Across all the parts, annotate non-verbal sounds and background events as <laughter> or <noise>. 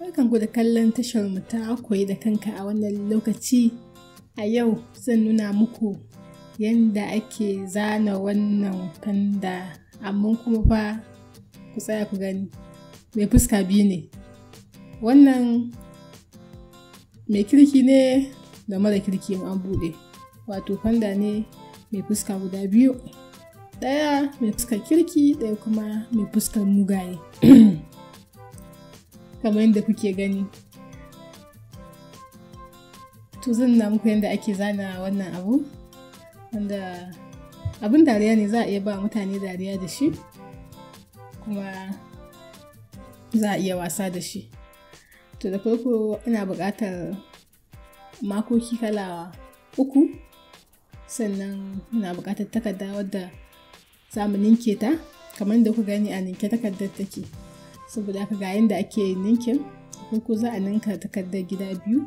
Barkanku da kallon tashar mu ta koyi da kanka a wannan lokaci. A yau zan nuna muku yanda ake zana wannan fanda amma kuma fa ku tsaya ku gani mai fuska biyu ne. Wannan mai kirki ne da mara kirki an buɗe wato fanda ne mai fuska guda biyu. Ɗaya mai fuskar kirki ɗaya kuma mai fuskar mugaye. <clears throat> kamar yadda kuke gani to zan muku yadda ake zana wannan abu wanda abin dariya ne za a iya ba mutane dariya da shi kuma za a iya wasa da shi to da farko ina buƙatar makoki kala uku sannan na buƙatar takarda wadda za mu ninke ta kamar da ku gani a ninke takardar take saboda haka ga yadda ake ninkin farko za a ninka takardar gida biyu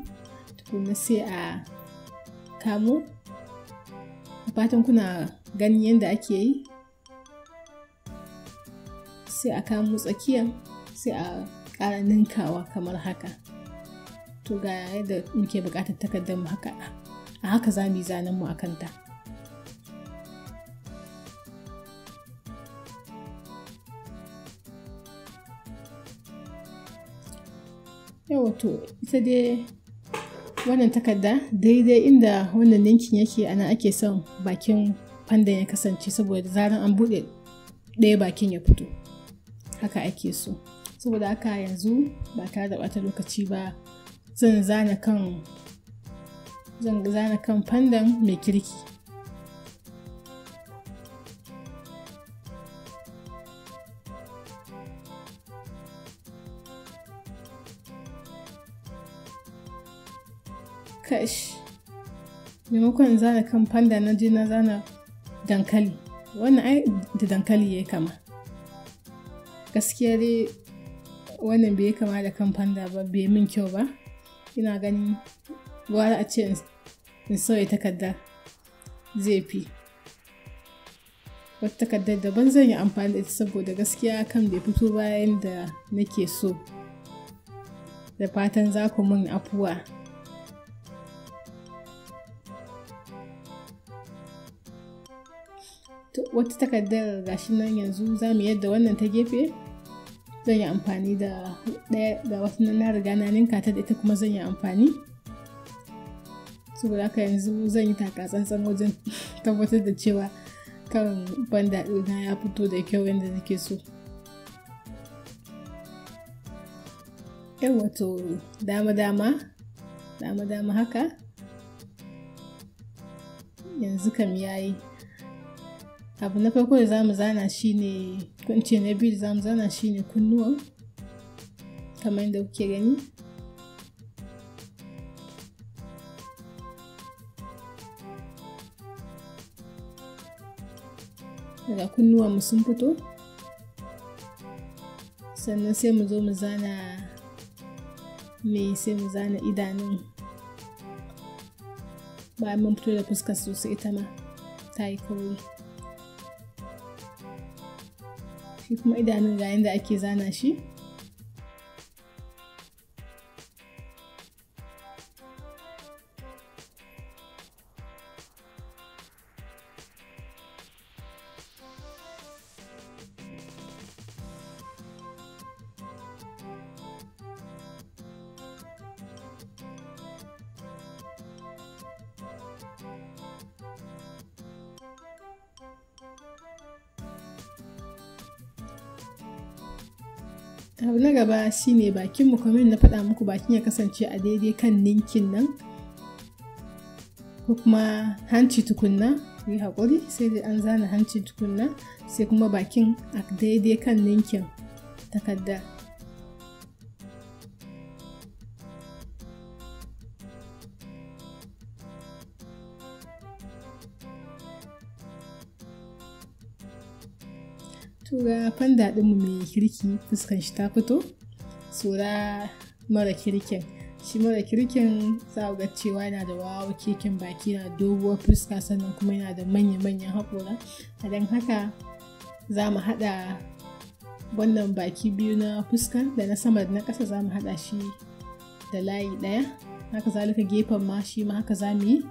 tukuna sai a kamo fatan kuna ganin yadda ake yi sai a kamo tsakiyar sai a kara ninkawa kamar haka to ga yadda muke bukatar takardar mu haka a haka za mu yi zanen mu a kanta yau to ita dai wannan takarda daidai inda wannan ninkin yake ana ake son bakin fandan ya kasance saboda zaran an buɗe ɗaya bakin ya fito haka ake so saboda haka yanzu ba tare da ɓata lokaci ba zan zana kan fandan mai kirki kash maimakon zana kan fanda na je na zana dankali wannan ai da dankali ya kama gaskiya dai wannan bai kama da kan fanda ba bai min kyau ba ina ganin gwara a ce in sauya takardar zai fi wata takardar daban zan yi amfani da ita saboda gaskiya kan bai fito bayan da nake so da fatan za ku min afuwa wata takardar gashi nan yanzu za mu yadda wannan ta gefe zan yi amfani da ɗaya ga wasu na riga na ninka ta da ita kuma zan yi amfani saboda haka yanzu zan yi takatsantsan wajen <laughs> tabbatar da cewa kan ban daɗi na ya fito da kyau yadda nake so yawa to dama dama dama dama haka yanzu kam yayi abu na farko da za mu zana shine kunce na biyu da za mu zana shine kunnuwan kamar yadda kuke gani daga mu sun fito sannan sai mu zo mu zana me sai mu zana idanun bayan mun fito da fuskar sosai ita ma ta yi kauri shi kuma idanun ga da ake zana shi abu na gaba shine mu kamar na faɗa muku bakin ya kasance a daidai kan ninkin nan ko kuma hanci tukunna yi haƙuri sai dai an zana hanci tukunna sai kuma bakin a daidai kan ninkin takarda to ga fanda ɗinmu mai kirki fuskan shi ta fito tsora mara kirkin shi mara kirkin za ga cewa yana da wawa kekin baki na doguwar fuska sannan kuma yana da manya-manyan haƙora a don haka za mu haɗa wannan baki biyu na fuskan da na sama da na ƙasa za mu haɗa shi da layi ɗaya haka zalika gefen ma shi ma haka za mu yi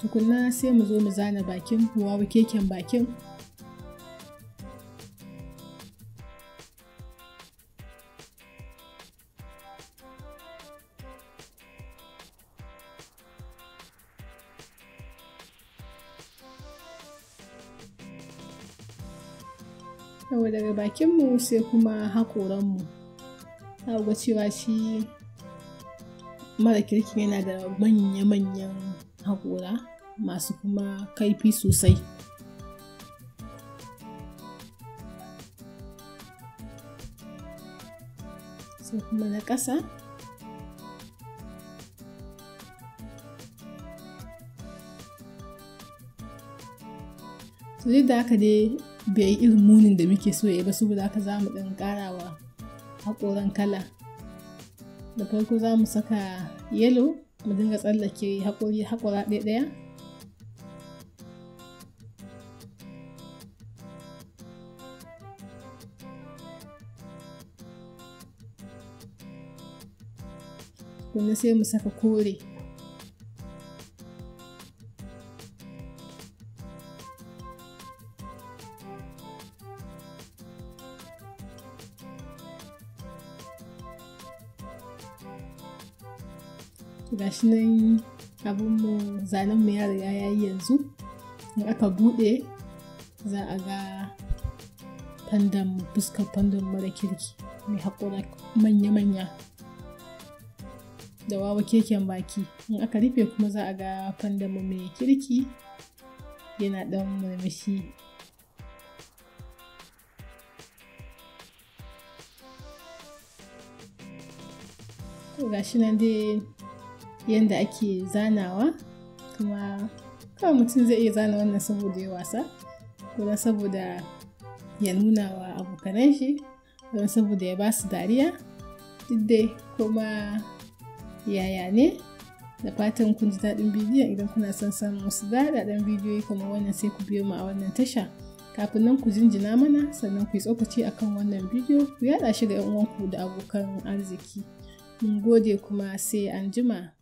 tukunna sai mu zo mu zana bakin wawa keken bakin yawa daga bakinmu sai kuma haƙoranmu ta ga cewa shi mara kirki yana da manya-manyan haƙora masu kuma kaifi sosai sai kuma na ƙasa sai da haka dai bai yi irin munin da muke so ya ba saboda haka za mu ɗan ƙarawa haƙoran kala da farko za mu saka yellow mu dinga tsallake haƙori haƙora ɗaya ɗaya kuma sai mu saka kore gashi nan abin mu zanen mu ya riga ya yi yanzu in aka bude za a ga fandan fuskar fandan mara kirki mai haƙura manya-manya da wawa keken baki in aka rufe kuma za a ga fandan mu mai kirki yana ɗan murmushi gashi nan dai yadda ake zanawa kuma kawai mutum zai iya zana wannan saboda ya wasa kuma saboda ya nuna wa abokanan shi kuma saboda ya ba su dariya duk dai kuma yaya ne da fatan kun ji daɗin bidiyon idan kuna son samun wasu bidiyo bidiyoyi kamar wannan sai ku biyo mu a wannan tasha kafin nan ku jinjina mana sannan ku yi tsokaci kan wannan bidiyo ku yaɗa shi ga 'yan uwanku da abokan arziki mun gode kuma sai an jima